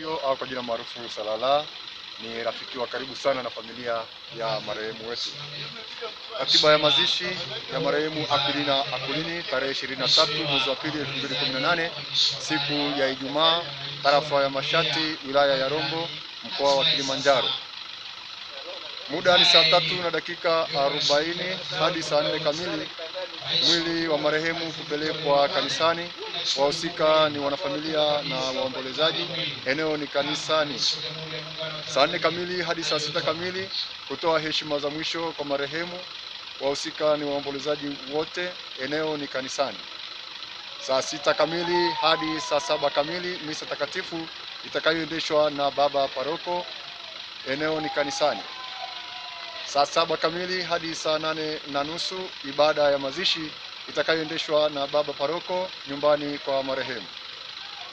Matukio au kwa jina maarufu Salala ni rafiki wa karibu sana na familia ya marehemu wetu. Ratiba ya mazishi ya marehemu Aquilina akulini tarehe 23 mwezi wa pili 2018 siku ya Ijumaa, tarafa ya Mashati, wilaya ya Rombo, mkoa wa Kilimanjaro. Muda ni saa tatu na dakika 40 hadi saa nne kamili. Mwili wa marehemu hupelekwa kanisani wahusika ni wanafamilia na waombolezaji. Eneo ni kanisani, saa nne kamili hadi saa sita kamili kutoa heshima za mwisho kwa marehemu. Wahusika ni waombolezaji wote. Eneo ni kanisani. Saa sita kamili hadi saa saba kamili misa takatifu itakayoendeshwa na baba paroko. Eneo ni kanisani. Saa saba kamili hadi saa nane na nusu ibada ya mazishi itakayoendeshwa na baba paroko nyumbani kwa marehemu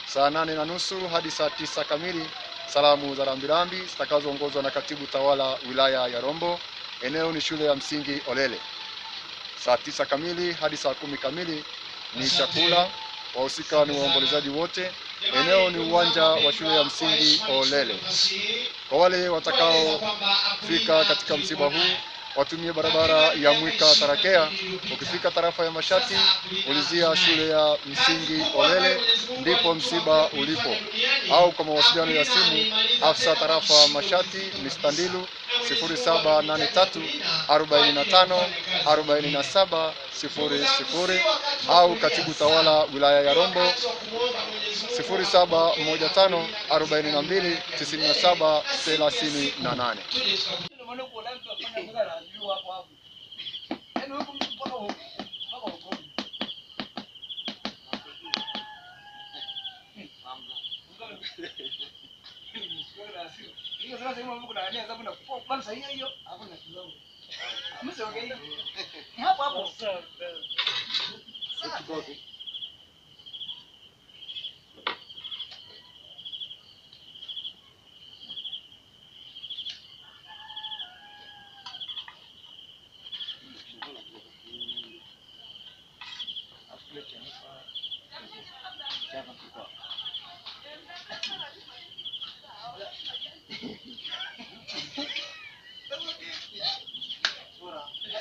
saa nane na nusu hadi saa tisa kamili. Salamu za rambirambi zitakazoongozwa na katibu tawala wilaya ya Rombo, eneo ni shule ya msingi Olele. Saa tisa kamili hadi saa kumi kamili ni chakula, wahusika ni waombolezaji wote. Eneo ni uwanja wa shule ya msingi Olele. Kwa wale watakaofika katika msiba huu watumie barabara ya Mwika Tarakea. Ukifika tarafa ya Mashati, ulizia shule ya msingi Olele, ndipo msiba ulipo, au kwa mawasiliano ya simu, afisa tarafa Mashati Mistandilu 0783 45 47 00 au katibu tawala wilaya ya Rombo 0715 42 97 38 hapo hapo.